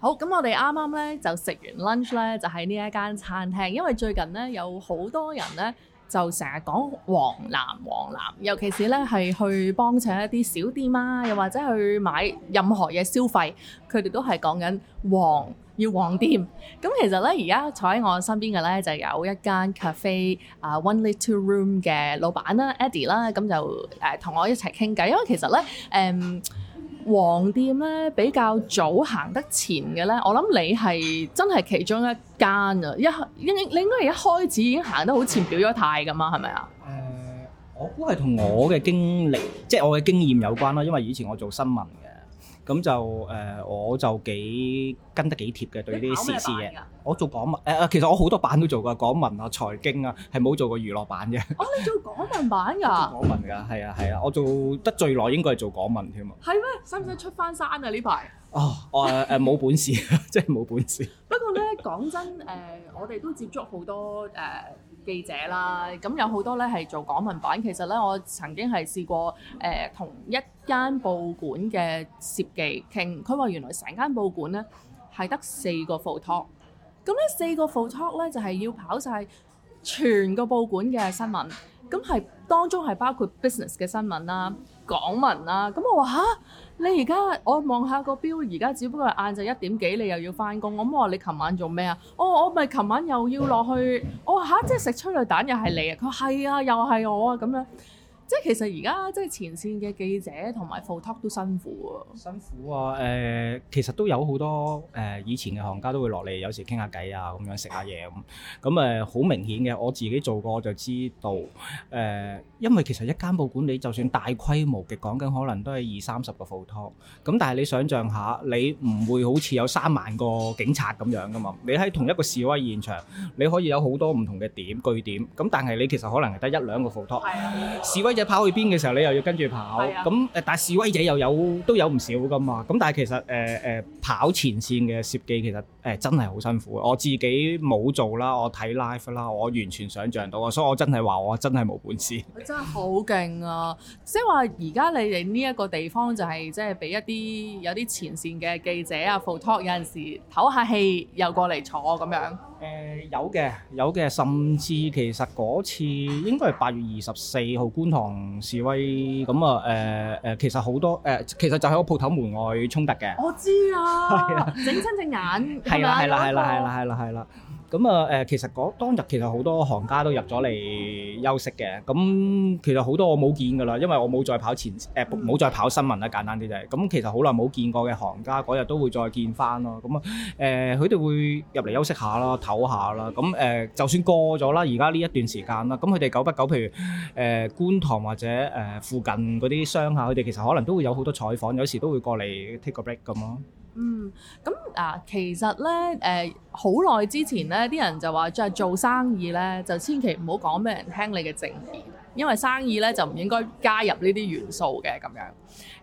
好咁，我哋啱啱咧就食完 lunch 咧，就喺呢一間餐廳，因為最近咧有好多人咧就成日講黃藍黃藍，尤其是咧係去幫襯一啲小店啊，又或者去買任何嘢消費，佢哋都係講緊黃要黃店。咁其實咧，而家坐喺我身邊嘅咧就有一間 cafe 啊、uh，One Little Room 嘅老闆啦，Eddie 啦，咁就誒同、uh，我一齊傾偈，因為其實咧誒。嗯黃店咧比較早行得前嘅咧，我諗你係真係其中一間啊！一應應你應該係一開始已經行得好前，表咗態㗎嘛，係咪啊？誒、呃，我估係同我嘅經歷，即係我嘅經驗有關啦，因為以前我做新聞嘅。咁就誒、呃，我就幾跟得幾貼嘅，對呢啲時事嘅。我做港文誒、呃，其實我好多版都做過，港文啊、財經啊，係冇做過娛樂版嘅。哦，你做港文版㗎？港文㗎，係啊係啊，我做得最耐應該係做港文添啊。係咩？使唔使出翻山啊？呢排？哦，我誒誒，冇、呃、本事，即係冇本事。不過咧，講真誒、呃，我哋都接觸好多誒。呃記者啦，咁有好多咧係做港聞版。其實咧，我曾經係試過誒、呃、同一間報館嘅攝記傾，佢話原來成間報館咧係得四個 foto。咁呢四個 foto 咧就係要跑晒全個報館嘅新聞，咁係當中係包括 business 嘅新聞啦。港文啊，咁我話吓，你而家我望下個表，而家只不過係晏晝一點幾，你又要翻工，咁我話你琴晚做咩啊、哦？我我咪琴晚又要落去，我話吓，即係食催淚彈又係你啊？佢話係啊，又係我啊咁樣。即係其實而家即係前線嘅記者同埋 foto 都辛苦，辛苦啊！辛苦啊！誒，其實都有好多誒、呃、以前嘅行家都會落嚟，有時傾下偈啊，咁樣食下嘢咁。咁誒好明顯嘅，我自己做過就知道。誒、呃，因為其實一間報館你就算大規模嘅講緊，可能都係二三十個 foto。咁但係你想像下，你唔會好似有三萬個警察咁樣㗎嘛？你喺同一個示威現場，你可以有好多唔同嘅點據點。咁但係你其實可能係得一兩個 foto、哎呀。示威。跑去邊嘅時候，你又要跟住跑。咁誒、啊，但示威者又有都有唔少噶嘛。咁但係其實誒誒、呃呃、跑前線嘅攝記其實誒、呃、真係好辛苦。我自己冇做啦，我睇 live 啦，我完全想象到啊。所以我真係話我真係冇本事。真係好勁啊！ 即係話而家你哋呢一個地方就係即係俾一啲有啲前線嘅記者啊、photo 有陣時唞下氣又過嚟坐咁樣誒、呃、有嘅有嘅，甚至其實嗰次應該係八月二十四號觀塘。同示威咁啊誒誒，其實好多誒、呃，其實就喺個鋪頭門外衝突嘅。我知啊，係 啊，整親隻眼，係啦係啦係啦係啦係啦係啦，是咁啊誒，其實嗰當日其實好多行家都入咗嚟休息嘅。咁、嗯、其實好多我冇見㗎啦，因為我冇再跑前誒冇、呃、再跑新聞啦，簡單啲就係。咁、嗯、其實好耐冇見過嘅行家嗰日都會再見翻咯。咁啊誒，佢、嗯、哋會入嚟休息下啦，唞下啦。咁、嗯、誒、嗯，就算過咗啦，而家呢一段時間啦，咁佢哋久不久，譬如誒、呃、觀塘或者誒、呃、附近嗰啲商廈，佢哋其實可能都會有好多採訪，有時都會過嚟 take 個 break 咁咯。嗯，咁啊，其實咧，誒好耐之前咧，啲人就話即係做生意咧，就千祈唔好講俾人聽你嘅政治，因為生意咧就唔應該加入呢啲元素嘅咁樣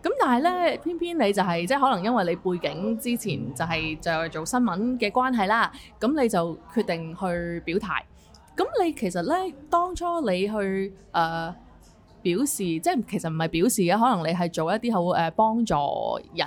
咁，但係咧，偏偏你就係、是、即係可能因為你背景之前就係、是、就係、是、做新聞嘅關係啦，咁你就決定去表態，咁你其實咧，當初你去誒、呃、表示，即係其實唔係表示嘅，可能你係做一啲好誒幫助人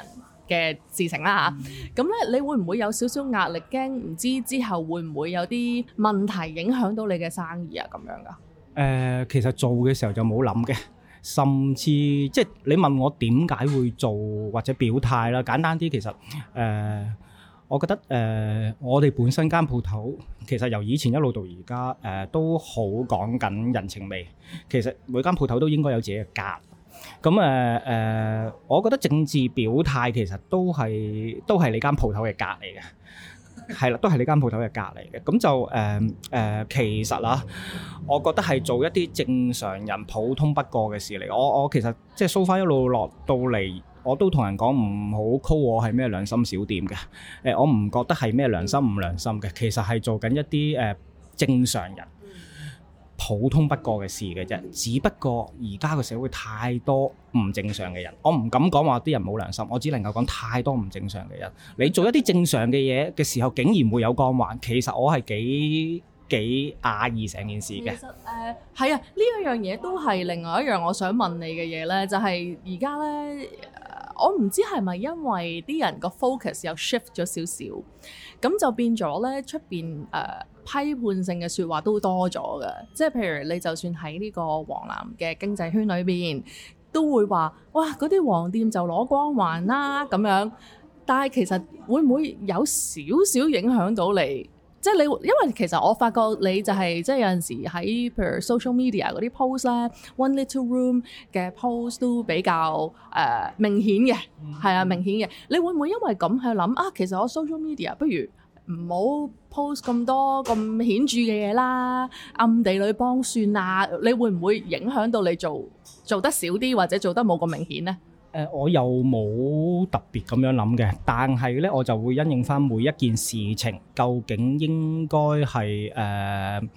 嘅事情啦吓，咁咧你會唔會有少少壓力？驚唔知之後會唔會有啲問題影響到你嘅生意啊？咁樣㗎？誒，其實做嘅時候就冇諗嘅，甚至即係你問我點解會做或者表態啦。簡單啲，其實誒，我覺得誒，我哋本身間鋪頭其實由以前一路到而家誒，都好講緊人情味。其實每間鋪頭都應該有自己嘅格。咁誒誒，我覺得政治表態其實都係都係你間鋪頭嘅隔籬嘅，係啦，都係你間鋪頭嘅隔籬嘅。咁就誒誒，其實啦，我覺得係做一啲正常人普通不過嘅事嚟。我我其實即係 so far 一路落到嚟，我都同人講唔好 call 我係咩良心小店嘅。誒、呃，我唔覺得係咩良心唔良心嘅，其實係做緊一啲誒、呃、正常人普通不過嘅事嘅啫，只不過而家個社會太多唔正常嘅人，我唔敢講話啲人冇良心，我只能夠講太多唔正常嘅人。你做一啲正常嘅嘢嘅時候，竟然會有光環，其實我係幾幾訝異成件事嘅。其實、呃、係啊，呢一樣嘢都係另外一樣我想問你嘅嘢、就係、呢，就係而家呢。我唔知係咪因為啲人個 focus 又 shift 咗少少，咁就變咗咧出面，誒批判性嘅説話都多咗嘅，即係譬如你就算喺呢個黃藍嘅經濟圈裏邊，都會話哇嗰啲黃店就攞光環啦咁樣，但係其實會唔會有少少影響到你？即係你，因為其實我發覺你就係、係、即係有陣時喺譬如 social media 嗰啲 post 咧，One Little Room 嘅 post 都比較誒、呃、明顯嘅，係啊明顯嘅。你會唔會因為咁去諗啊？其實我 social media 不如唔好 post 咁多咁顯著嘅嘢啦，暗地裏幫算啊。你會唔會影響到你做做得少啲，或者做得冇咁明顯咧？誒、呃，我又冇特別咁樣諗嘅，但係咧，我就會因應翻每一件事情，究竟應該係誒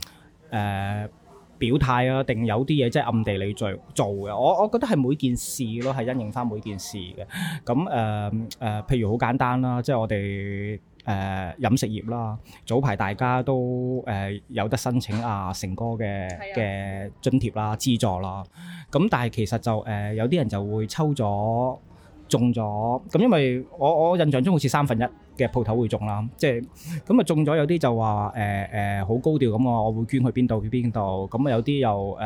誒表態啊，定有啲嘢即係暗地裏做做嘅。我我覺得係每件事咯，係因應翻每件事嘅。咁誒誒，譬如好簡單啦，即係我哋。誒、呃、飲食業啦，早排大家都誒、呃、有得申請啊，成哥嘅嘅津貼啦、資助啦，咁但係其實就誒、呃、有啲人就會抽咗中咗，咁因為我我印象中好似三分一嘅鋪頭會中啦，即係咁啊中咗有啲就話誒誒好高調咁啊，我會捐去邊度去邊度，咁啊有啲又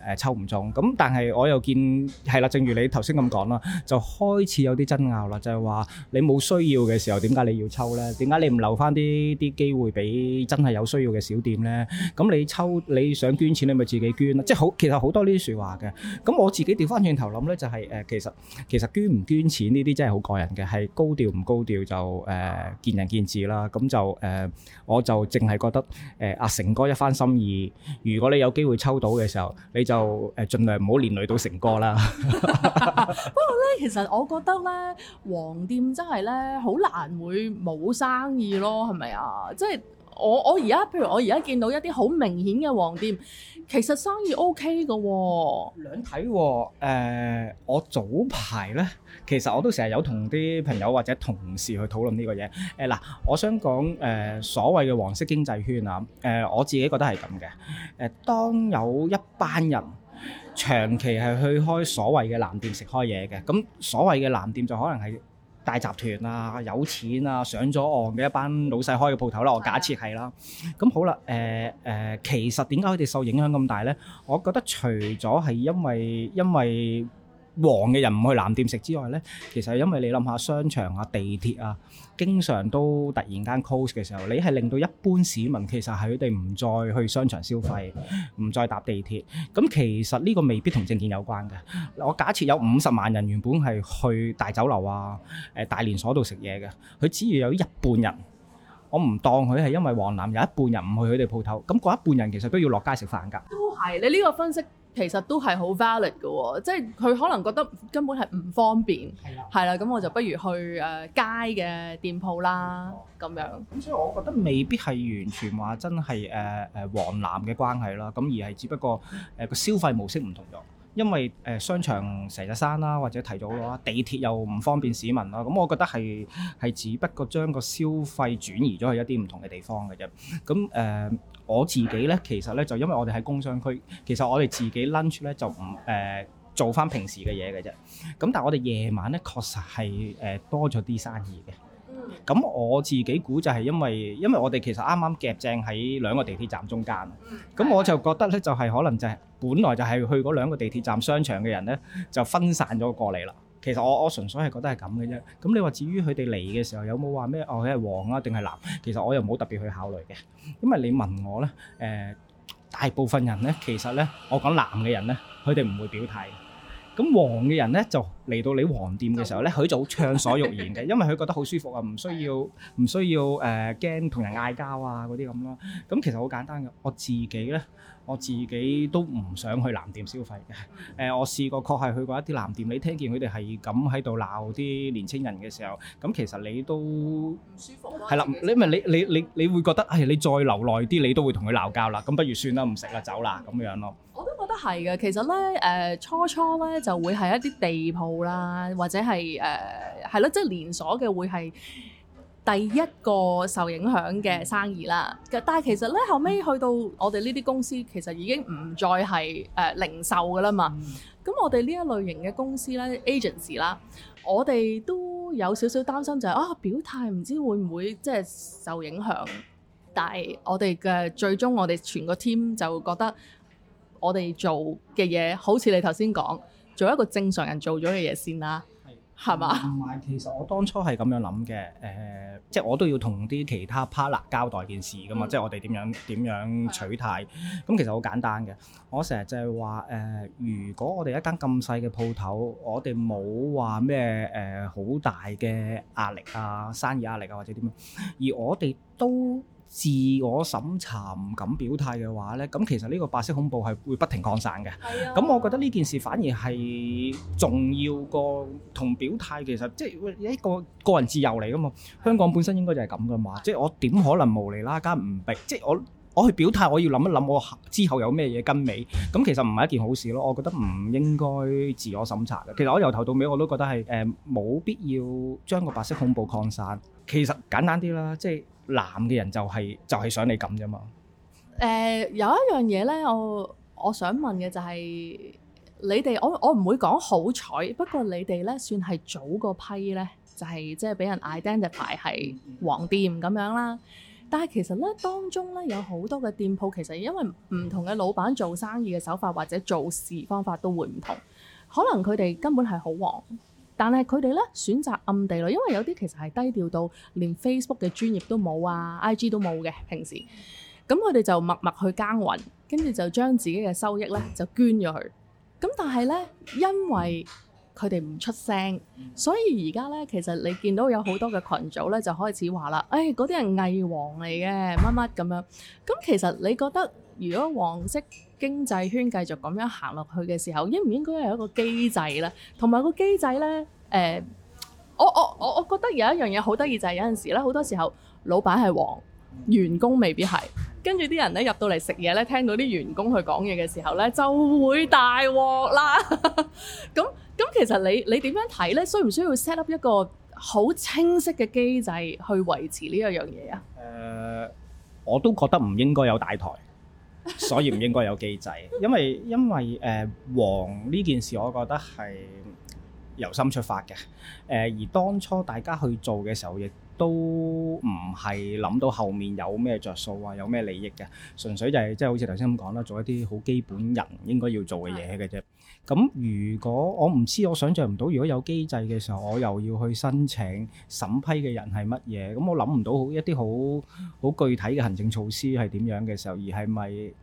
誒誒抽唔中，咁但係我又見係啦，正如你頭先咁講啦，就開始有啲爭拗啦，就係話你冇需要嘅時候點解你要抽咧？點解你唔留翻啲啲機會俾真係有需要嘅小店咧？咁你抽你想捐錢，你咪自己捐咯，即係好其實好多呢啲説話嘅。咁我自己調翻轉頭諗咧，就係誒其實其實捐唔捐錢呢啲真係好個人嘅，係高調唔高調就誒。誒見仁見智啦，咁就誒、呃，我就淨係覺得誒阿、呃、成哥一番心意，如果你有機會抽到嘅時候，你就誒盡量唔好連累到成哥啦。不過咧，其實我覺得咧，黃店真係咧好難會冇生意咯，係咪啊？ 即係。我我而家，譬如我而家見到一啲好明顯嘅黃店，其實生意 OK 嘅喎。兩睇喎，誒，我早排呢，其實我都成日有同啲朋友或者同事去討論呢個嘢。誒嗱，我想講誒所謂嘅黃色經濟圈啊，誒我自己覺得係咁嘅。誒，當有一班人長期係去開所謂嘅藍店食開嘢嘅，咁所謂嘅藍店就可能係。大集團啊，有錢啊，上咗岸嘅一班老細開嘅鋪頭啦，我假設係啦。咁 好啦，誒、呃、誒、呃，其實點解佢哋受影響咁大咧？我覺得除咗係因為因為，因為黃嘅人唔去藍店食之外呢，其實因為你諗下商場啊、地鐵啊，經常都突然間 close 嘅時候，你係令到一般市民其實係佢哋唔再去商場消費，唔再搭地鐵。咁其實呢個未必同政見有關嘅。我假設有五十萬人原本係去大酒樓啊、誒大連鎖度食嘢嘅，佢只要有一半人，我唔當佢係因為黃藍有一半人唔去佢哋鋪頭，咁嗰一半人其實都要落街食飯㗎。都係，你呢個分析。其實都係好 valid 嘅喎，即係佢可能覺得根本係唔方便，係啦的，係啦，咁我就不如去誒、呃、街嘅店鋪啦，咁的樣。咁所以我覺得未必係完全話真係誒誒黃藍嘅關係咯，咁而係只不過誒個、呃、消費模式唔同咗，因為誒、呃、商場成日閂啦，或者提早咗，地鐵又唔方便市民啦，咁、嗯、我覺得係係只不過將個消費轉移咗去一啲唔同嘅地方嘅啫，咁、嗯、誒。呃我自己呢，其實呢，就因為我哋喺工商區，其實我哋自己 lunch 呢就唔誒、呃、做翻平時嘅嘢嘅啫。咁但係我哋夜晚呢，確實係誒、呃、多咗啲生意嘅。咁我自己估就係因為因為我哋其實啱啱夾正喺兩個地鐵站中間，咁我就覺得呢，就係、是、可能就係本來就係去嗰兩個地鐵站商場嘅人呢，就分散咗過嚟啦。其實我我純粹係覺得係咁嘅啫，咁你話至於佢哋嚟嘅時候有冇話咩哦佢係黃啊定係藍？其實我又冇特別去考慮嘅，因為你問我咧，誒，大部分人咧，其實咧，我講藍嘅人咧，佢哋唔會表態嘅，咁黃嘅人咧，就嚟到你黃店嘅時候咧，佢就好暢所欲言嘅，因為佢覺得好舒服啊，唔需要唔需要誒驚同人嗌交啊嗰啲咁咯，咁其實好簡單嘅，我自己咧。我自己都唔想去藍店消費嘅。誒、呃，我試過確係去過一啲藍店，你聽見佢哋係咁喺度鬧啲年青人嘅時候，咁其實你都唔舒服啦、啊。係啦的，你咪你你你你會覺得係、哎、你再留耐啲，你都會同佢鬧交啦。咁不如算啦，唔食啦，走啦咁樣咯。我都覺得係嘅。其實咧，誒、呃、初初咧就會係一啲地鋪啦，或者係誒係咯，即、呃、係、就是、連鎖嘅會係，第一個受影響嘅生意啦，但係其實呢，後尾去到我哋呢啲公司，其實已經唔再係誒、呃、零售噶啦嘛。咁、嗯、我哋呢一類型嘅公司咧，agency 啦，我哋都有少少擔心就係、是、啊表態唔知會唔會即係、就是、受影響，但係我哋嘅最終我哋全個 team 就覺得我哋做嘅嘢好似你頭先講，做一個正常人做咗嘅嘢先啦。係嘛？同埋其實我當初係咁樣諗嘅，誒、呃，即係我都要同啲其他 partner 交代件事噶嘛，嗯、即係我哋點樣點樣取態。咁 其實好簡單嘅，我成日就係話誒，如果我哋一間咁細嘅鋪頭，我哋冇話咩誒好大嘅壓力啊，生意壓力啊或者點樣，而我哋都。自我審查唔敢表態嘅話呢，咁其實呢個白色恐怖係會不停擴散嘅。咁我覺得呢件事反而係重要過同表態，其實即係一個個人自由嚟噶嘛。香港本身應該就係咁噶嘛，即係我點可能無釐啦家唔逼？即係我我去表態，我要諗一諗我之後有咩嘢跟尾。咁其實唔係一件好事咯。我覺得唔應該自我審查嘅。其實我由頭到尾我都覺得係誒冇必要將個白色恐怖擴散。其實簡單啲啦，即係。男嘅人就係就係想你咁啫嘛。誒、呃、有一樣嘢呢，我我想問嘅就係、是、你哋，我我唔會講好彩，不過你哋呢，算係早個批呢，就係即係俾人 identify 係黃店咁樣啦。但係其實呢，當中呢，有好多嘅店鋪，其實因為唔同嘅老闆做生意嘅手法或者做事方法都會唔同，可能佢哋根本係好黃，但係佢哋咧選擇暗地內，因為有啲其實係低調到連 Facebook 嘅專頁都冇啊，IG 都冇嘅平時。咁佢哋就默默去耕耘，跟住就將自己嘅收益咧就捐咗去。咁但係咧，因為佢哋唔出聲，所以而家咧其實你見到有好多嘅群組咧就開始話啦，誒嗰啲人偽黃嚟嘅乜乜咁樣。咁其實你覺得如果黃色？經濟圈繼續咁樣行落去嘅時候，應唔應該有一個機制呢？同埋個機制呢？誒、欸，我我我我覺得有一樣嘢好得意就係、是、有陣時呢，好多時候老闆係黃，員工未必係。跟住啲人呢入到嚟食嘢呢，聽到啲員工去講嘢嘅時候呢，就會大鑊啦。咁 咁，其實你你點樣睇呢？需唔需要 set up 一個好清晰嘅機制去維持呢一樣嘢啊？誒、呃，我都覺得唔應該有大台。 所以唔應該有機制，因為因為誒黃呢件事，我覺得係。由心出發嘅，誒、呃、而當初大家去做嘅時候，亦都唔係諗到後面有咩着數啊，有咩利益嘅，純粹就係即係好似頭先咁講啦，做一啲好基本人應該要做嘅嘢嘅啫。咁如果我唔知，我想像唔到，如果有機制嘅時候，我又要去申請審批嘅人係乜嘢？咁我諗唔到好一啲好好具體嘅行政措施係點樣嘅時候，而係咪誒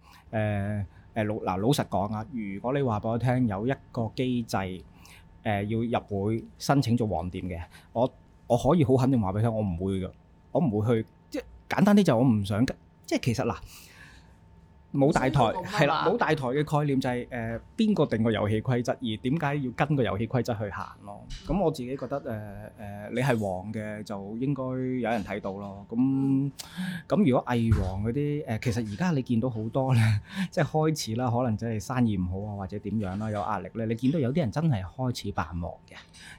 誒老嗱老實講啊？如果你話俾我聽有一個機制。誒、呃、要入會申請做黃店嘅，我我可以好肯定話俾佢，我唔會嘅，我唔會去，即係簡單啲就我唔想，即係其實嗱。冇大台係啦，冇大台嘅概念就係誒邊個定個遊戲規則，而點解要跟個遊戲規則去行咯？咁 我自己覺得誒誒、呃呃，你係黃嘅，就應該有人睇到咯。咁、嗯、咁如果偽黃嗰啲誒，其實而家你見到好多咧，即係開始啦，可能即係生意唔好啊，或者點樣啦、啊，有壓力咧，你見到有啲人真係開始扮黃嘅，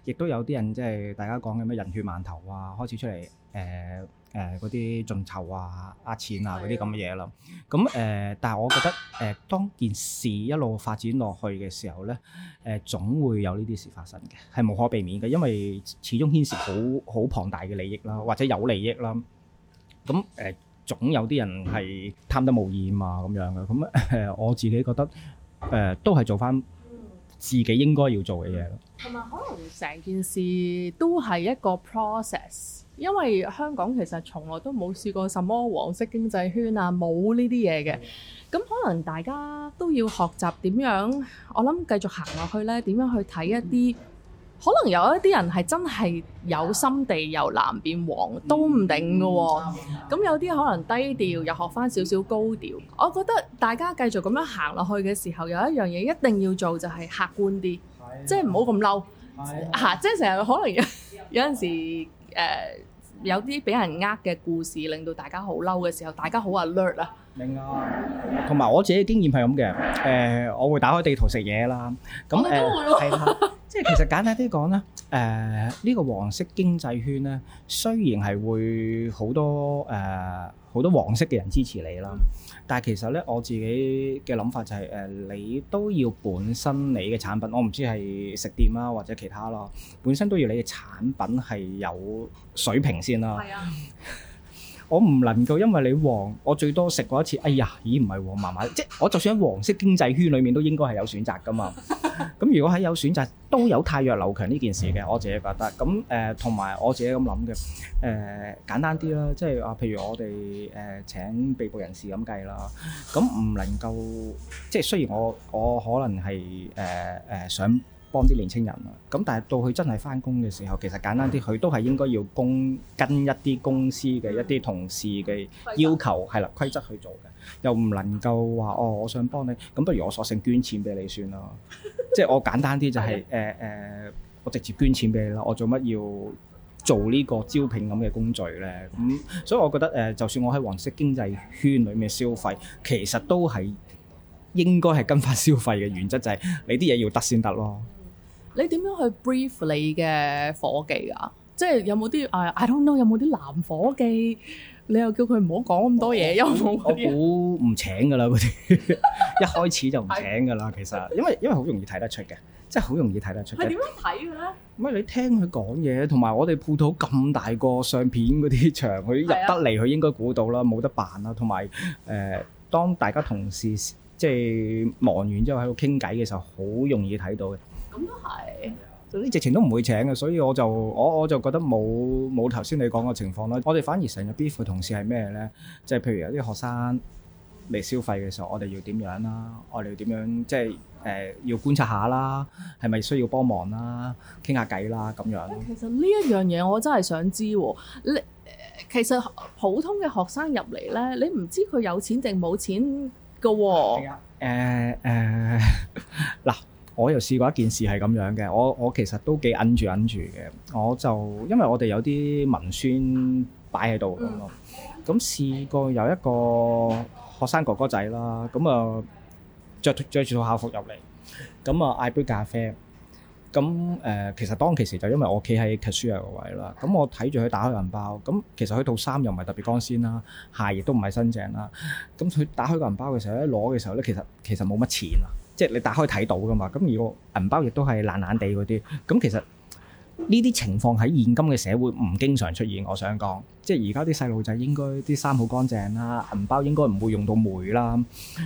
亦都有啲人即係大家講嘅咩人血饅頭啊，開始出嚟誒。呃誒嗰啲眾籌啊、壓錢啊嗰啲咁嘅嘢啦，咁誒、嗯呃，但係我覺得誒、呃，當件事一路發展落去嘅時候咧，誒、呃、總會有呢啲事發生嘅，係無可避免嘅，因為始終牽涉好好龐大嘅利益啦，或者有利益啦，咁、呃、誒總有啲人係貪得無厭啊咁樣嘅，咁、嗯呃、我自己覺得誒、呃、都係做翻自己應該要做嘅嘢咯，同埋、嗯、可能成件事都係一個 process。因為香港其實從來都冇試過什麼黃色經濟圈啊，冇呢啲嘢嘅。咁可能大家都要學習點樣，我諗繼續行落去呢，點樣去睇一啲可能有一啲人係真係有心地由藍變黃都唔頂㗎喎。咁有啲可能低調又學翻少少高調。我覺得大家繼續咁樣行落去嘅時候，有一樣嘢一定要做就係客觀啲，即係唔好咁嬲吓，即係成日可能有有陣時誒。有啲俾人呃嘅故事，令到大家好嬲嘅時候，大家好 alert 啦。明啊，同埋、啊、我自己經驗係咁嘅，誒、呃，我會打開地圖食嘢啦，咁誒係啦，即係其實簡單啲講咧，誒呢、 呃呢個黃色經濟圈咧，雖然係會好多誒好、呃、多黃色嘅人支持你啦。嗯但係其實咧，我自己嘅諗法就係、是、誒、呃，你都要本身你嘅產品，我唔知係食店啦、啊，或者其他咯，本身都要你嘅產品係有水平先啦。係啊。 我唔能夠因為你黃，我最多食過一次。哎呀，咦唔係喎，麻麻、哦、即係我就算喺黃色經濟圈裡面，都應該係有選擇噶嘛。咁如果係有選擇，都有汰弱留強呢件事嘅，我自己覺得。咁誒同埋我自己咁諗嘅誒簡單啲啦，即係話譬如我哋誒、呃、請被捕人士咁計啦。咁唔能夠即係雖然我我可能係誒誒想。幫啲年青人啊，咁但係到佢真係翻工嘅時候，其實簡單啲，佢都係應該要供跟一啲公司嘅、嗯、一啲同事嘅要求係啦的規則去做嘅，又唔能夠話哦，我想幫你，咁不如我索性捐錢俾你算啦， 即係我簡單啲就係誒誒，我直接捐錢俾你啦，我做乜要做呢個招聘咁嘅工序呢？咁、嗯、所以我覺得誒、呃，就算我喺黃色經濟圈裏面消費，其實都係應該係跟翻消費嘅原則，就係你啲嘢要得先得咯。你點樣去 brief 你嘅夥計啊？即係有冇啲 I don't know 有冇啲男夥計？你又叫佢唔好講咁多嘢，因為我估唔請噶啦嗰啲，一開始就唔請噶啦。其實，因為因為好容易睇得出嘅，即係好容易睇得出。係點樣睇嘅咧？唔係你聽佢講嘢，同埋我哋鋪到咁大個相片嗰啲場，佢入得嚟，佢應該估到啦，冇是、啊、得辦啦。同埋誒，當大家同事即係忙完之後喺度傾偈嘅時候，好容易睇到嘅。咁都係，所以直情都唔會請嘅，所以我就我我就覺得冇冇頭先你講嘅情況啦。我哋反而成日 brief 同事係咩咧？即係譬如有啲學生嚟消費嘅時候，我哋要點樣啦？我哋要點樣？即係誒，要、呃、觀察下啦，係咪需要幫忙啦？傾下偈啦，咁樣。其實呢一樣嘢，我真係想知喎、啊。你其實普通嘅學生入嚟咧，你唔知佢有錢定冇錢嘅喎、啊。誒嗱、啊。呃呃我又試過一件事係咁樣嘅，我我其實都幾揞住揞住嘅，我就因為我哋有啲文宣擺喺度咁咯。咁試過有一個學生哥哥仔啦，咁啊着著住套校服入嚟，咁啊嗌杯咖啡。咁誒、呃，其實當其時就因為我企喺 cashier 個位啦，咁我睇住佢打開銀包，咁其實佢套衫又唔係特別光鮮啦，鞋亦都唔係新淨啦。咁佢打開個銀包嘅時候咧，攞嘅時候咧，其實其實冇乜錢啊。即係你打開睇到噶嘛，咁如果銀包亦都係爛爛地嗰啲，咁其實呢啲情況喺現今嘅社會唔經常出現。我想講，即係而家啲細路仔應該啲衫好乾淨啦，銀包應該唔會用到煤啦，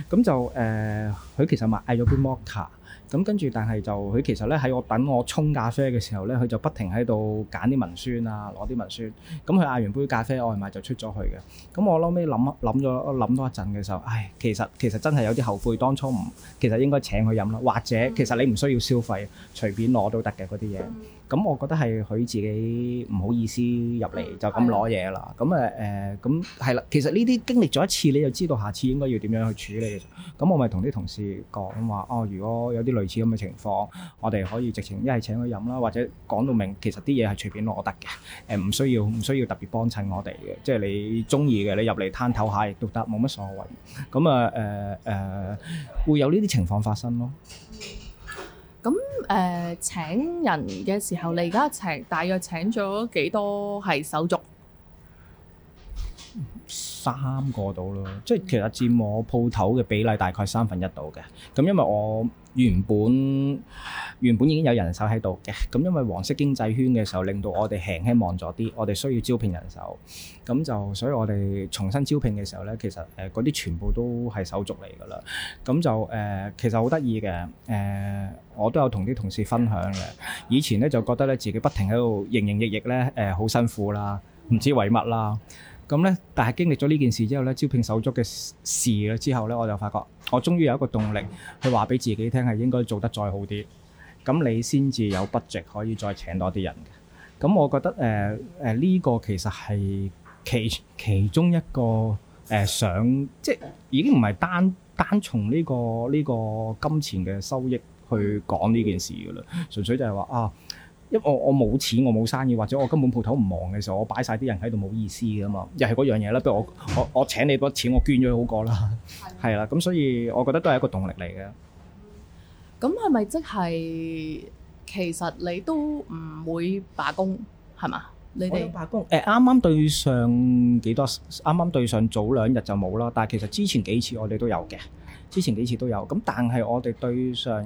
咁就誒，佢、呃、其實買咗杯摩卡。咁跟住，但係就佢其實咧，喺我等我沖咖啡嘅時候咧，佢就不停喺度揀啲文宣啊，攞啲文宣。咁佢嗌完杯咖啡外賣就出咗去嘅。咁我後尾諗諗咗諗多一陣嘅時候，唉，其實其實真係有啲後悔，當初唔其實應該請佢飲啦。或者、嗯、其實你唔需要消費，隨便攞都得嘅嗰啲嘢。咁、嗯、我覺得係佢自己唔好意思入嚟就咁攞嘢啦。咁誒誒，咁係啦。其實呢啲經歷咗一次，你就知道下次應該要點樣去處理。咁、嗯、我咪同啲同事講話，哦，如果有啲類似咁嘅情況，我哋可以直情一係請佢飲啦，或者講到明，其實啲嘢係隨便攞得嘅。誒、嗯，唔需要唔需要特別幫襯我哋嘅，即係你中意嘅，你入嚟攤抖下亦都得，冇乜所謂。咁啊誒誒，會有呢啲情況發生咯。咁誒請人嘅時候，你而家請大約請咗幾多係手足？三個到咯，即係其實佔我鋪頭嘅比例大概三分一到嘅。咁因為我原本。原本已經有人手喺度嘅，咁因為黃色經濟圈嘅時候，令到我哋行輕望咗啲，我哋需要招聘人手，咁就所以我哋重新招聘嘅時候呢，其實誒嗰啲全部都係手續嚟㗎啦。咁就誒、呃、其實好得意嘅誒，我都有同啲同事分享嘅。以前呢，就覺得咧自己不停喺度營營役役咧誒，好、呃、辛苦啦，唔知為乜啦。咁呢，但係經歷咗呢件事之後呢，招聘手續嘅事之後呢，我就發覺我終於有一個動力去話俾自己聽，係應該做得再好啲。咁你先至有 budget 可以再請多啲人嘅，咁我覺得誒誒呢個其實係其其中一個誒、呃、想即係已經唔係單單從呢個呢個金錢嘅收益去講呢件事噶啦，純粹就係話啊，因為我我冇錢我冇生意或者我根本鋪頭唔忙嘅時候，我擺晒啲人喺度冇意思噶嘛，又係嗰樣嘢啦。不如我我我請你筆錢，我捐咗好過啦，係 啦，咁所以我覺得都係一個動力嚟嘅。咁係咪即係其實你都唔會罷工係嘛？唔會罷工。誒啱啱對上幾多？啱啱對上早兩日就冇啦。但係其實之前幾次我哋都有嘅，之前幾次都有。咁但係我哋對上誒誒、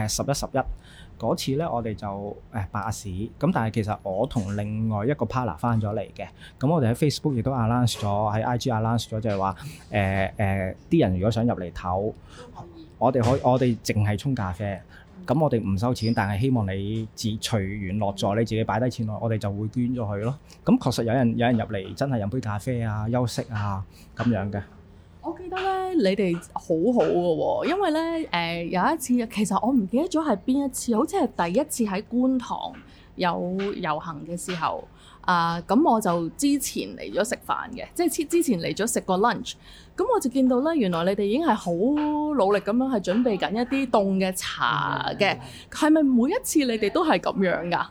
呃、十一十一嗰次咧，我哋就誒呃罷市。咁但係其實我同另外一個 partner 翻咗嚟嘅。咁我哋喺 Facebook 亦都 announce 咗，喺 IG announce 咗，就係話誒誒啲人如果想入嚟唞。我哋可以，我哋淨係沖咖啡，咁我哋唔收錢，但係希望你自隨緣落座，你自己擺低錢落，我哋就會捐咗佢咯。咁確實有人有人入嚟真係飲杯咖啡啊、休息啊咁樣嘅。我記得咧，你哋好好嘅喎，哦，因為咧誒、呃、有一次，其實我唔記得咗係邊一次，好似係第一次喺觀塘有遊行嘅時候。啊，咁我就之前嚟咗食飯嘅，即係之前嚟咗食個 lunch，咁我就見到呢，原來你哋已經係好努力咁樣係準備緊一啲凍嘅茶嘅。係咪每一次你哋都係咁樣噶？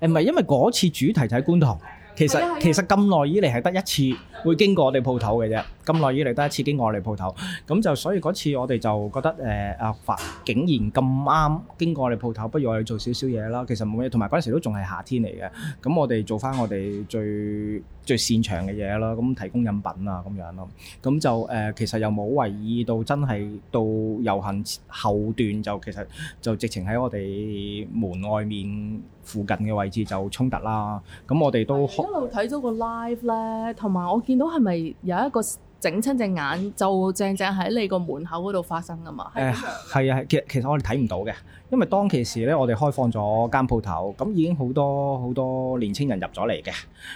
誒唔係，因為嗰次主題就喺觀塘，其實、啊啊、其實咁耐以嚟係得一次會經過我哋鋪頭嘅啫。咁耐以嚟第一次經過我哋鋪頭，咁就所以嗰次我哋就覺得誒阿發竟然咁啱經過我哋鋪頭，不如我哋做少少嘢啦。其實冇嘢，同埋嗰陣時都仲係夏天嚟嘅，咁我哋做翻我哋最最擅長嘅嘢啦，咁提供飲品啊咁樣咯。咁就誒、呃、其實又冇為意到真係到遊行後段就其實就直情喺我哋門外面附近嘅位置就衝突啦。咁我哋都一路睇咗個 live 咧，同埋我見到係咪有一個？整親隻眼就正正喺你個門口嗰度發生噶嘛？誒係、呃、啊，其實其實我哋睇唔到嘅。因為當其時咧，我哋開放咗間鋪頭，咁已經好多好多年青人入咗嚟嘅。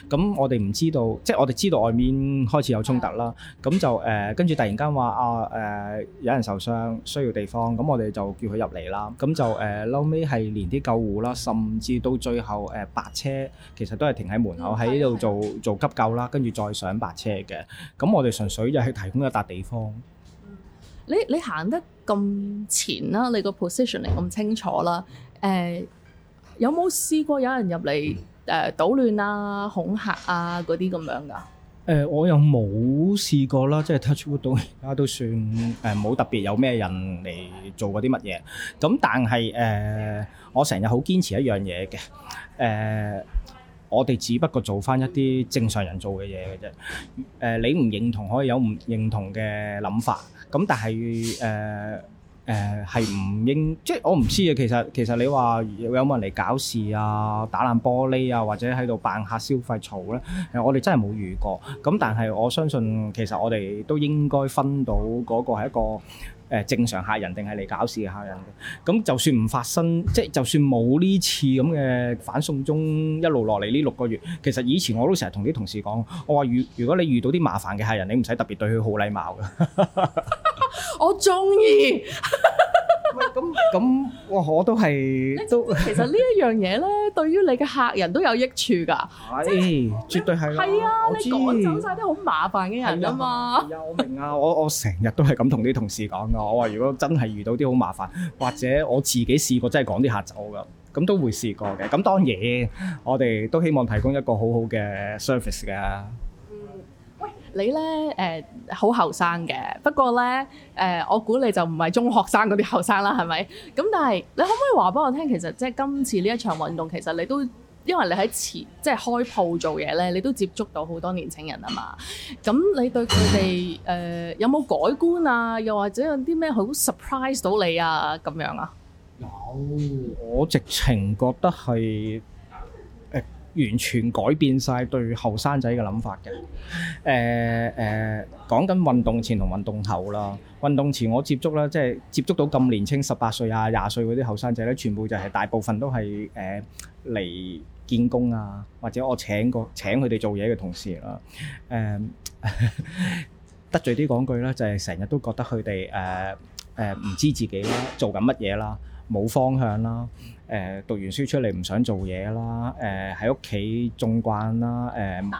咁我哋唔知道，即係我哋知道外面開始有衝突啦。咁就誒，呃、跟住突然間話啊、誒、呃，有人受傷，需要地方。咁我哋就叫佢入嚟啦。咁就誒，撈尾係連啲救護啦，甚至到最後誒、呃、白車其實都係停喺門口喺呢度做做急救啦。跟住再上白車嘅。咁我哋純粹就係提供一笪地方。你你行得咁前啦、啊，你個 positioning 咁清楚啦、啊，誒、欸、有冇試過有人入嚟誒搗亂啊、恐嚇啊嗰啲咁樣噶？誒、呃、我又冇試過啦，即係 TouchWood 到而家都算誒冇、呃、特別有咩人嚟做過啲乜嘢。咁但係誒、呃、我成日好堅持一樣嘢嘅，誒、呃、我哋只不過做翻一啲正常人做嘅嘢嘅啫。誒、呃、你唔認同可以有唔認同嘅諗法。咁但係誒誒係唔應，即係我唔知啊。其實其實你話有冇人嚟搞事啊、打爛玻璃啊，或者喺度扮客消費嘈咧？誒我哋真係冇遇過。咁但係我相信其實我哋都應該分到嗰個係一個。誒、呃、正常客人定係嚟搞事嘅客人嘅，咁就算唔發生，即係就算冇呢次咁嘅反送中一路落嚟呢六個月，其實以前我都成日同啲同事講，我話如如果你遇到啲麻煩嘅客人，你唔使特別對佢好禮貌嘅 。 我中意。咁咁， 我我都係都。其實呢一樣嘢咧， 對於你嘅客人都有益處㗎，即係絕對係係啊，你趕走晒啲好麻煩嘅人㗎嘛。有明啊，我啊 我成日都係咁同啲同事講㗎。我話如果真係遇到啲好麻煩，或者我自己試過真係趕啲客走㗎，咁都會試過嘅。咁當然，我哋都希望提供一個好好嘅 service 㗎。你咧誒好後生嘅，不過咧誒、呃、我估你就唔係中學生嗰啲後生啦，係咪？咁但係你可唔可以話俾我聽，其實即係今次呢一場運動，其實你都因為你喺前即係開鋪做嘢咧，你都接觸到好多年青人啊嘛。咁你對佢哋誒有冇改觀啊？又或者有啲咩好 surprise 到你啊？咁樣啊？有，我直情覺得係。完全改變晒對後生仔嘅諗法嘅。誒、哎、誒，講、哎、緊運動前同運動後啦。運動前我接觸啦，即係接觸到咁年輕，十八歲啊、廿歲嗰啲後生仔咧，全部就係大部分都係誒嚟見工啊，或者我請過請佢哋做嘢嘅同事啦、啊。誒、哎、 得罪啲講句啦，就係成日都覺得佢哋誒誒唔知自己啦，做緊乜嘢啦，冇方向啦、啊。誒讀完書出嚟唔想做嘢啦，誒喺屋企縱慣啦，誒唔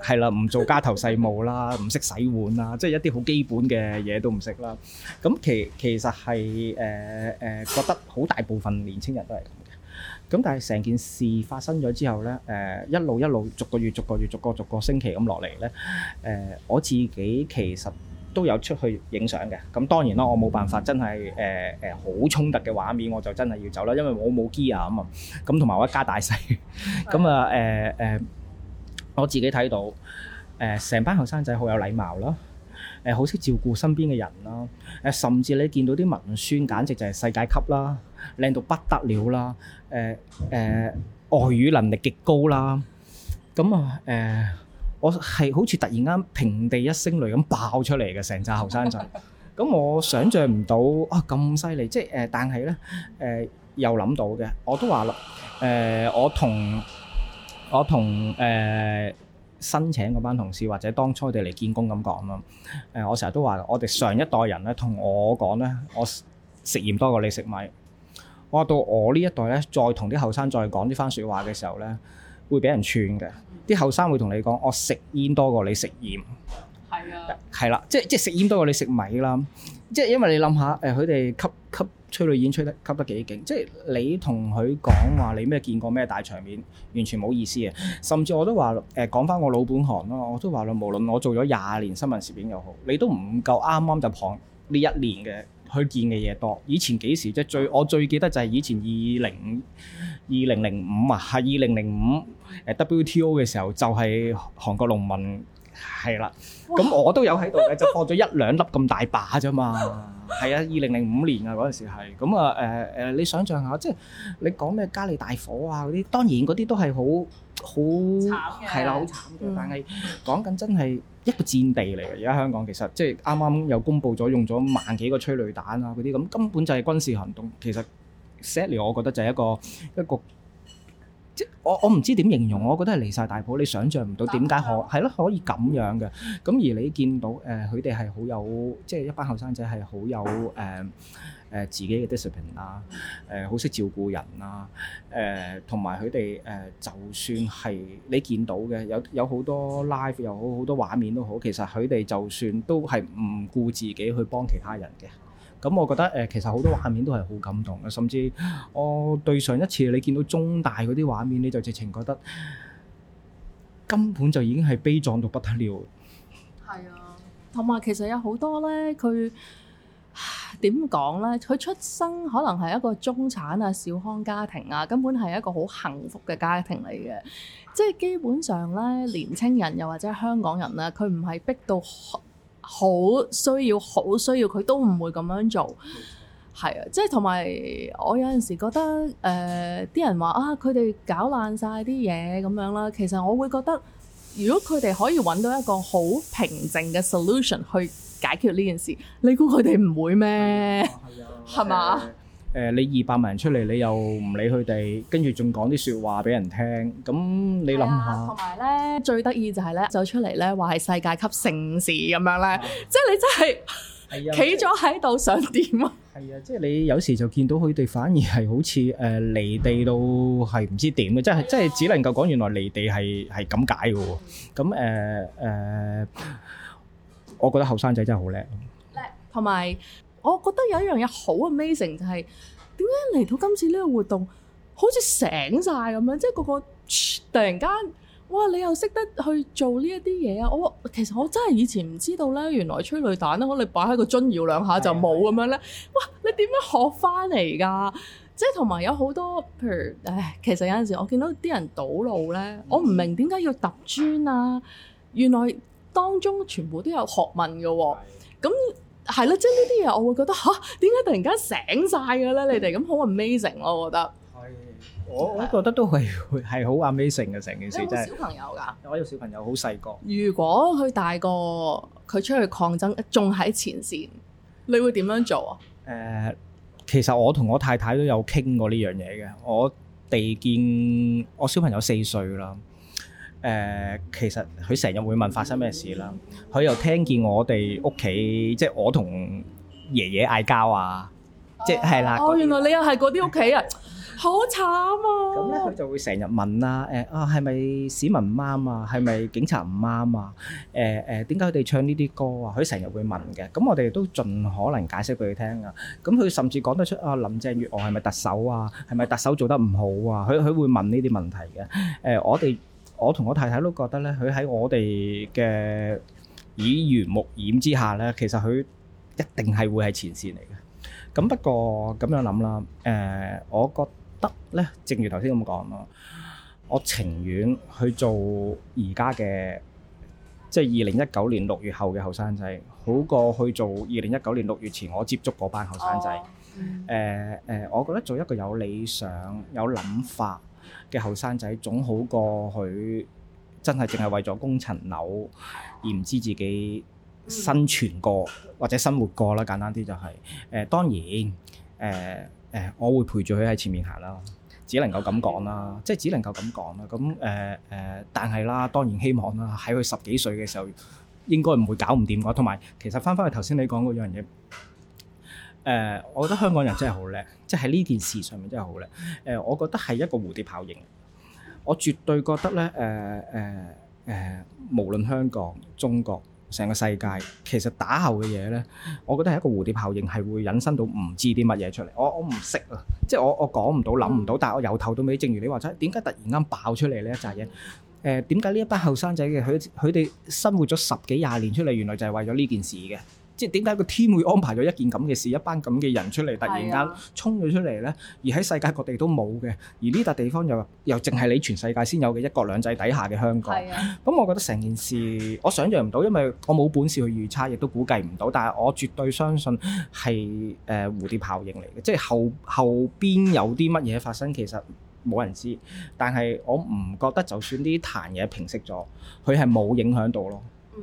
係啦，唔、嗯、做家頭細務啦，唔識 洗碗啦，即係一啲好基本嘅嘢都唔識啦。咁、嗯、其其實係誒誒覺得好大部分年青人都係咁嘅。咁但係成件事發生咗之後咧，誒、呃、一路一路逐個月逐個月逐個逐個星期咁落嚟咧，誒、呃、我自己其實都有出去影相嘅，咁當然啦，我冇辦法，真係誒誒好衝突嘅畫面，我就真係要走啦，因為我冇機啊嘛，咁同埋我一家大細，咁 啊誒誒、呃呃，我自己睇到誒成、呃、班後生仔好有禮貌啦，誒好識照顧身邊嘅人啦，誒、呃、甚至你見到啲文宣，簡直就係世界級啦，靚到不得了啦，誒、呃、誒、呃、外語能力極高啦，咁啊誒。呃我係好似突然間平地一聲雷咁爆出嚟嘅成紮後生仔，咁、嗯、我想像唔到啊咁犀利！即係誒、呃，但係咧誒又諗到嘅，我都話啦誒，我同我同誒、呃、新請嗰班同事或者當初哋嚟見工咁講啦誒，我成日都話我哋上一代人咧同我講咧，我食鹽多過你食米，我到我呢一代咧再同啲後生再講呢番説話嘅時候咧，會俾人串嘅。啲後生會同你講，我食煙多過你食鹽，係啊的，係啦，即係即係食煙多過你食米啦，即係因為你諗下，誒佢哋吸吸催淚煙吹得吸得幾勁，即係你同佢講話你咩見過咩大場面，完全冇意思嘅。甚至我都話誒講翻我老本行咯，我都話咯，無論我做咗廿年新聞攝影又好，你都唔夠啱啱入行呢一年嘅佢見嘅嘢多。以前幾時即係最我最記得就係以前二零二零零五啊，係二零零五。誒 WTO 嘅時候就係韓國農民係啦，咁我都有喺度嘅，就放咗一兩粒咁大把啫嘛。係啊，二零零五年啊嗰陣時係，咁啊誒誒，你想像下，即係你講咩加利大火啊嗰啲，當然嗰啲都係好好係啦，好慘嘅的。但係講緊真係一個戰地嚟嘅，而家香港其實即係啱啱又公布咗用咗萬幾個催淚彈啊嗰啲咁，根本就係軍事行動。其實 settle 我覺得就係一個一個。一個即我我唔知點形容，我覺得係離晒大譜，你想象唔到點解可係咯，可以咁樣嘅。咁而你見到誒佢哋係好有，即係一班後生仔係好有誒誒、呃呃、自己嘅 discipline 啊、呃，誒好識照顧人啦。誒同埋佢哋誒就算係你見到嘅有有好多 live 又好好多畫面都好，其實佢哋就算都係唔顧自己去幫其他人嘅。咁我覺得誒，其實好多畫面都係好感動嘅，甚至我對上一次你見到中大嗰啲畫面，你就直情覺得根本就已經係悲壯到不得了。係啊，同埋其實有好多咧，佢點講咧？佢出生可能係一個中產啊、小康家庭啊，根本係一個好幸福嘅家庭嚟嘅。即係基本上咧，年輕人又或者香港人咧，佢唔係逼到，好需要，好需要，佢都唔會咁樣做，係啊錯，即係同埋我有陣時覺得，誒、呃，啲人話啊，佢哋搞爛晒啲嘢咁樣啦，其實我會覺得，如果佢哋可以揾到一個好平靜嘅 solution 去解決呢件事，你估佢哋唔會咩？係嘛、嗯？哦吧誒、呃、你二百萬人出嚟，你又唔理佢哋，跟住仲講啲説話俾人聽，咁你諗下？同埋咧，最得意就係咧，走出嚟咧話係世界級城市咁樣咧，啊、即係你真係係啊！企咗喺度想點啊？係啊！即係你有時就見到佢哋，反而係好似誒、呃、離地到係唔知點嘅，啊、即係即係只能夠講原來離地係係咁解嘅喎。咁誒誒，我覺得後生仔真係好叻，叻同埋。我覺得有一樣嘢好 amazing，就係點解嚟到今次呢個活動，好似醒晒咁樣，即係個個突然間，哇！你又識得去做呢一啲嘢啊？我其實我真係以前唔知道咧，原來催淚彈咧，我哋擺喺個樽搖兩下就冇咁樣咧。哇！你點樣學翻嚟㗎？即係同埋有好多譬如，唉，其實有陣時我見到啲人堵路咧，我唔明點解要揼磚啊？原來當中全部都有學問嘅喎，咁。係咯，即係呢啲嘢，我會覺得吓，點解突然間醒晒嘅咧？你哋咁好 amazing，我覺得係我我覺得都係係好 amazing 嘅成件事，真係。小朋友噶，我有小朋友好細個。如果佢大個，佢出去抗爭，仲喺前線，你會點樣做啊？誒、呃，其實我同我太太都有傾過呢樣嘢嘅。我哋見我小朋友四歲啦。誒，其實佢成日會問發生咩事啦。佢又聽見我哋屋企，即係我同爺爺嗌交啊，即係係啦。哦，原來你又係嗰啲屋企人，好慘啊！咁咧，佢就會成日問啦。誒，啊，係咪市民唔啱啊？係咪警察唔啱啊？誒誒，點解佢哋唱呢啲歌啊？佢成日會問嘅。咁我哋都盡可能解釋俾佢聽啊。咁佢甚至講得出啊，林鄭月娥係咪特首啊？係咪特首做得唔好啊？佢佢會問呢啲問題嘅。誒，我哋。我同我太太都覺得咧，佢喺我哋嘅耳濡目染之下咧，其實佢一定係會係前線嚟嘅。咁不過咁樣諗啦，誒，我覺得咧，正如頭先咁講囉，我情願去做而家嘅，即係二零一九年六月後嘅後生仔，好過去做二零一九年六月前我接觸嗰班後生仔。誒誒，我覺得做一個有理想、有諗法嘅後生仔總好過佢真係淨係為咗供層樓而唔知自己生存過或者生活過啦。簡單啲就係誒、當然、誒誒，我會陪住佢喺前面行啦，只能夠咁講啦，即係只能夠咁講啦。咁誒誒，但係啦，當然希望啦，喺佢十幾歲嘅時候應該唔會搞唔掂我。同埋其實翻返去頭先你講嗰樣嘢。誒、呃，我覺得香港人真係好叻，即係喺呢件事上面真係好叻。誒、呃，我覺得係一個蝴蝶效應。我絕對覺得咧，誒誒誒，無論香港、中國、成個世界，其實打後嘅嘢咧，我覺得係一個蝴蝶效應，係會引申到唔知啲乜嘢出嚟。我我唔識啊，即係我我講唔到、諗唔到，但係我由頭到尾，正如你話齋，點解突然間爆出嚟呢一紮嘢？誒、呃，點解呢一班後生仔嘅佢佢哋生活咗十幾廿年出嚟，原來就係為咗呢件事嘅？即係點解個天會安排咗一件咁嘅事，一班咁嘅人出嚟，突然間衝咗出嚟呢？而喺世界各地都冇嘅，而呢笪地方又又淨係你全世界先有嘅一國兩制底下嘅香港。咁是的、嗯、我覺得成件事我想像唔到，因為我冇本事去預測，亦都估計唔到。但係我絕對相信係誒、呃、蝴蝶效應嚟嘅，即係後後邊有啲乜嘢發生，其實冇人知。但係我唔覺得，就算啲彈嘢平息咗，佢係冇影響到咯。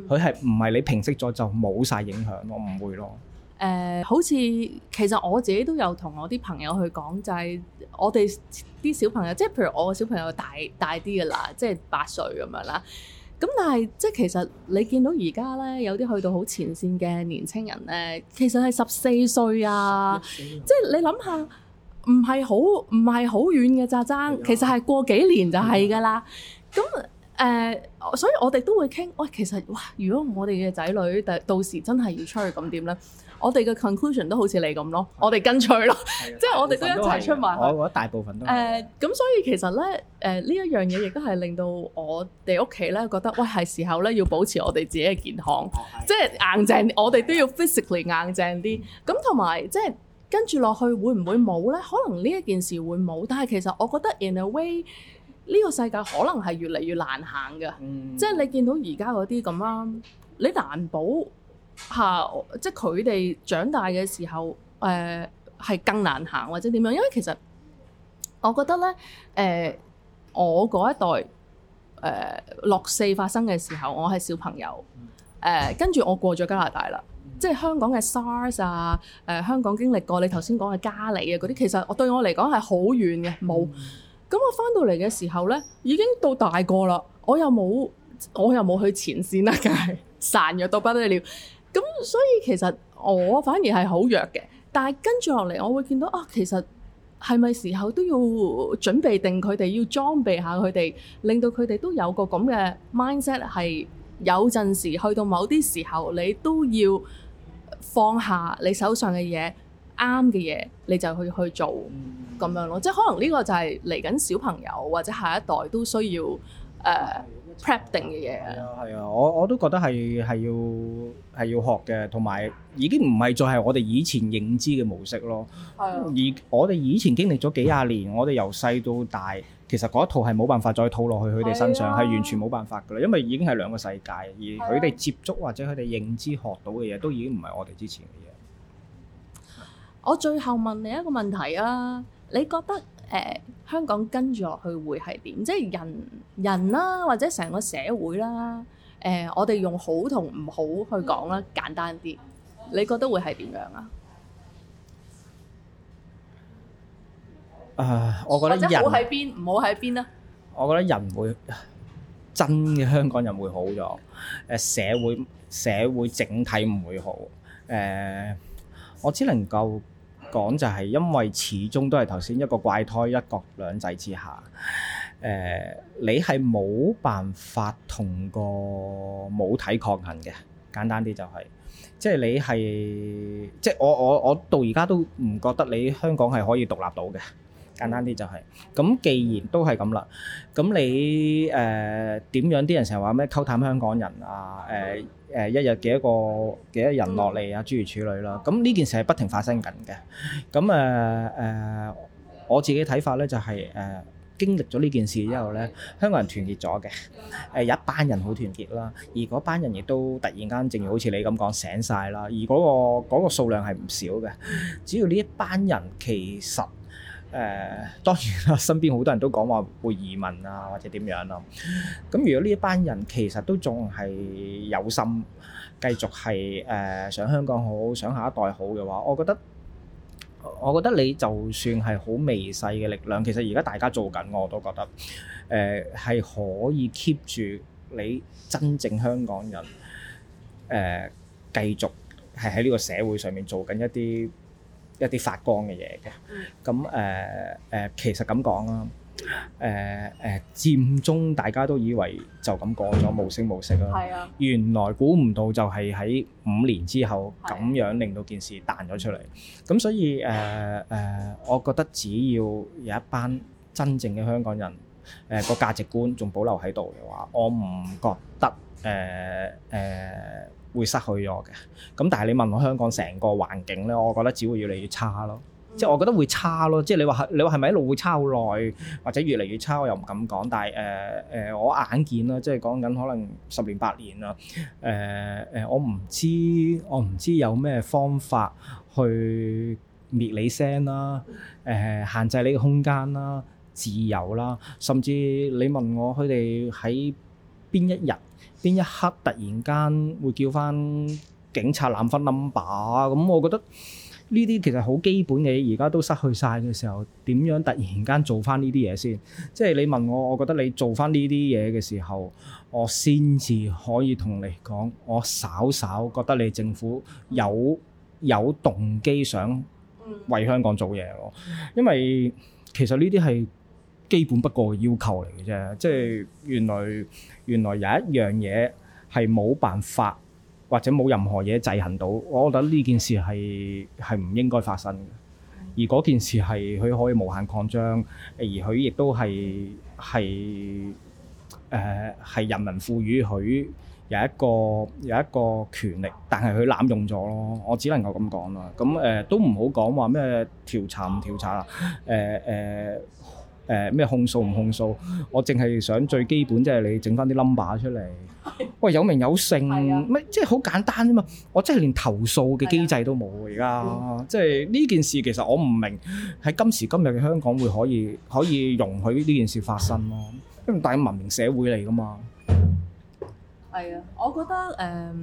佢係唔係你平息咗就冇晒影響？我唔會咯。誒、uh，好似其實我自己都有同我啲朋友去講，就係、是、我哋啲小朋友，即係譬如我個小朋友大大啲嘅啦，即係八歲咁樣啦。咁但係即係其實你見到而家咧，有啲去到好前線嘅年輕人咧，其實係十四歲啊，歲即係你諗下，唔係好唔係好遠嘅咋？爭、嗯、其實係過幾年就係噶啦。咁、嗯。嗯誒，uh，所以我哋都會傾，喂，其實哇，如果我哋嘅仔女第到時真係要出去咁點呢？我哋嘅 conclusion 都好似你咁咯， 我哋跟隨咯，即係 我哋都一齊出埋。 我覺得大部分都。誒，咁所以其實咧，誒、呃、呢一樣嘢亦都係令到我哋屋企咧覺得，喂， 係時候呢，要保持我哋自己嘅健康， 即係硬淨，我哋都要 physically 硬淨啲。咁同埋即係跟住落去會唔會冇呢？可能呢一件事會冇，但係其實我覺得 in a way。呢個世界可能係越嚟越難行嘅，嗯、即係你見到而家嗰啲咁啦，你難保嚇、啊，即係佢哋長大嘅時候，誒、呃、係更難行或者點樣？因為其實我覺得呢，誒、呃、我嗰一代誒六、呃、四發生嘅時候，我係小朋友，誒跟住我過咗加拿大啦，嗯、即係香港嘅 SARS 啊，誒、呃、香港經歷過你頭先講嘅嘉利啊嗰啲，其實我對我嚟講係好遠嘅，冇、嗯。咁我返到嚟嘅時候呢，已經到大個啦，我又冇我又冇去前線啦，梗係孱弱到不得了。咁所以其實我反而係好弱嘅，但係跟住落嚟，我會見到啊，其實係咪時候都要準備定，佢哋要裝備下佢哋，令到佢哋都有個咁嘅 mindset，係有陣時去到某啲時候，你都要放下你手上嘅嘢。啱嘅嘢你就去去做咁、嗯、樣咯，即係可能呢個就係嚟緊小朋友或者下一代都需要誒 prep 定嘅嘢啊。係、uh, 啊的，我我都覺得係係要係要學嘅，同埋已經唔係再係我哋以前認知嘅模式咯。係的我哋以前經歷咗幾廿年，我哋由細到大，其實嗰一套係冇辦法再套落去佢哋身上，係的完全冇辦法㗎喇，因為已經係兩個世界，而佢哋接觸或者佢哋認知學到嘅嘢，都已經唔係我哋之前嘅嘢。我最後問你一個問題啊！你覺得誒、呃、香港跟住落去會係點？即係人人啦、啊，或者成個社會啦、啊，誒、呃、我哋用好同唔好去講啦，簡單啲，你覺得會係點樣啊？誒，我覺得好喺邊，唔好喺邊啊！我覺得人會真嘅香港人會好咗，誒社會社會整體唔會好，誒、呃。我只能夠講，就係因為始終都係頭先，一個怪胎，一國兩制之下，誒、呃，你係冇辦法同個母體抗衡嘅。簡單啲就係、是，即係你係，即係我我我到而家都唔覺得你香港係可以獨立到嘅。簡單啲就係，咁既然都係咁啦，咁你誒點樣？啲人成日話咩溝淡香港人啊，誒誒一日幾多個幾多人落嚟啊，諸如此類啦，咁呢件事係不停發生緊嘅。咁誒誒，我自己睇法咧就係誒經歷咗呢件事之後咧，香港人團結咗嘅，誒有一班人好團結啦，而嗰班人亦都突然間，正如好似你咁講醒晒啦，而嗰個嗰個數量係唔少嘅，只要呢一班人其實。誒、呃、當然啦，身邊好多人都講話會移民啊，或者點樣咯、啊。咁如果呢一班人其實都仲係有心，繼續係誒、呃、想香港好，想下一代好嘅話，我覺得我覺得你就算係好微細嘅力量，其實而家大家做緊，我都覺得誒係、呃、可以 keep 住你真正香港人誒、呃、繼續係喺呢個社會上面做緊一啲一啲發光嘅嘢嘅，咁誒誒，其實咁講啦，誒、嗯、誒、嗯，佔中大家都以為就咁過咗無聲無息啊，原來估唔到就係喺五年之後咁樣令到件事彈咗出嚟，咁、啊、所以誒誒、呃呃，我覺得只要有一班真正嘅香港人，誒、呃、個價值觀仲保留喺度嘅話，我唔覺得誒誒、呃呃會失去咗嘅，咁但係你問我香港成個環境咧，我覺得只會越嚟越差咯，即係我覺得會差咯，即係你話係你話係咪一路會差好耐，或者越嚟越差，我又唔敢講，但係誒誒，我眼見啦，即係講緊可能十年八年啊，誒、呃、誒、呃，我唔知我唔知有咩方法去滅你聲啦，誒、呃、限制你嘅空間啦、自由啦，甚至你問我佢哋喺邊一日，邊一刻突然間會叫翻警察攬翻冧巴啊？咁我覺得呢啲其實好基本嘅嘢，而家都失去晒嘅時候，點樣突然間做翻呢啲嘢先？即係你問我，我覺得你做翻呢啲嘢嘅時候，我先至可以同你講，我稍稍覺得你政府有有動機想為香港做嘢咯，因為其實呢啲係。基本不過嘅要求嚟嘅啫，即係原來原來有一樣嘢係冇辦法或者冇任何嘢制衡到。我覺得呢件事係係唔應該發生嘅，而嗰件事係佢可以無限擴張，而佢亦都係係誒係人民賦予佢有一個有一個權力，但係佢濫用咗咯。我只能夠咁講啦。咁誒、呃、都唔好講話咩調查唔調查啦誒誒。呃呃誒咩、呃、控訴唔控訴？我淨係想最基本，即係你整翻啲 number 出嚟。喂，有名有姓，咩是、啊、即係好簡單啫嘛！我真係連投訴嘅機制都冇，而家是、啊、即係呢件事其實我唔明，喺今時今日嘅香港會可以可以容許呢件事發生咯。因為大家文明社會嚟噶嘛。係啊，我覺得誒、呃，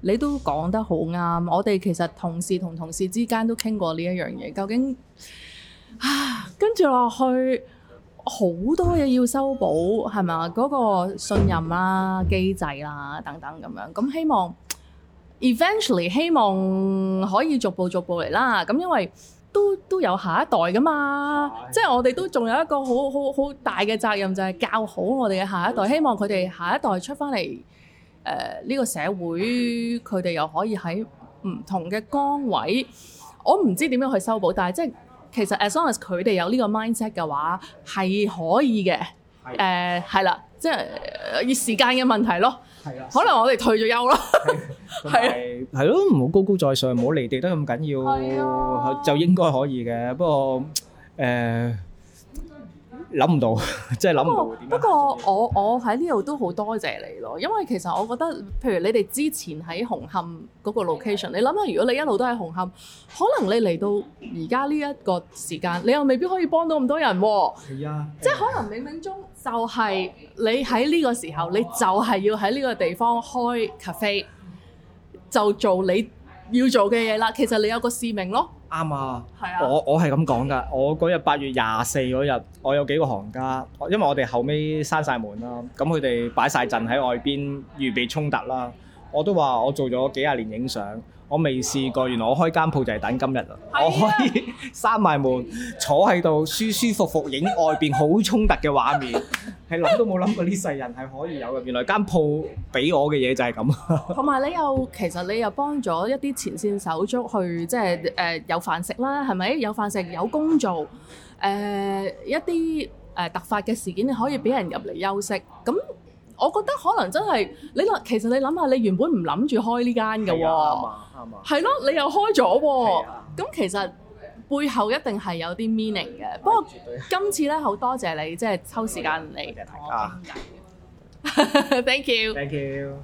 你都講得好啱。我哋其實同事同同事之間都傾過呢一樣嘢，究竟？啊，跟住落去好多嘢要修補，係咪啊？嗰、那個信任啦、機制啦等等咁樣。咁、嗯、希望 eventually 希望可以逐步逐步嚟啦。咁因為都都有下一代㗎嘛，哎、即係我哋都仲有一個好好好，好大嘅責任，就係、是、教好我哋嘅下一代。希望佢哋下一代出返嚟，誒、呃、呢、這個社會佢哋又可以喺唔同嘅崗位，我唔知點樣去修補，但係即係。其實 as long as 佢哋有呢個 mindset 嘅話，係可以嘅。誒，係啦，即係時間嘅問題咯。係啊的，可能我哋退咗休咯。係啊，係咯，唔好 的的高高在上，唔好離地得咁緊要，的就應該可以嘅。不過誒。呃諗唔到，真係諗唔到點？不過，不過我 我喺呢度都好多謝你咯，因為其實我覺得，譬如你哋之前喺紅磡嗰個 location，你諗下，如果你一路都喺紅磡，可能你嚟到而家呢一個時間，你又未必可以幫到咁多人喎。係啊，係啊，即係可能冥冥中就係你喺呢個時候，你就係要喺呢個地方開 cafe，就做你要做嘅嘢啦。其實你有個使命咯。啱啊！係啊我我係咁講㗎，我嗰日八月廿四嗰日，我有幾個行家，因為我哋後尾閂晒門啦，咁佢哋擺晒陣喺外邊預備衝突啦，我都話我做咗幾十年影相。我未試過，原來我開間鋪就係等今日啦！我可以閂埋門，坐喺度舒舒服服影外邊好衝突嘅畫面，係諗都冇諗過呢世人係可以有嘅。原來間鋪俾我嘅嘢就係咁。同埋你又其實你又幫咗一啲前線手足去即係誒有飯食啦，係咪？有飯食，有工做。誒一啲誒突發嘅事件，你可以俾人入嚟休息。咁。我覺得可能真係你諗，其實你諗下，你原本唔諗住開呢間㗎喎，係咯，你又開咗喎，咁的、嗯、其實背後一定係有啲 meaning 嘅。不過今次咧好多謝你，即係抽時間嚟同我傾偈。 Thank you。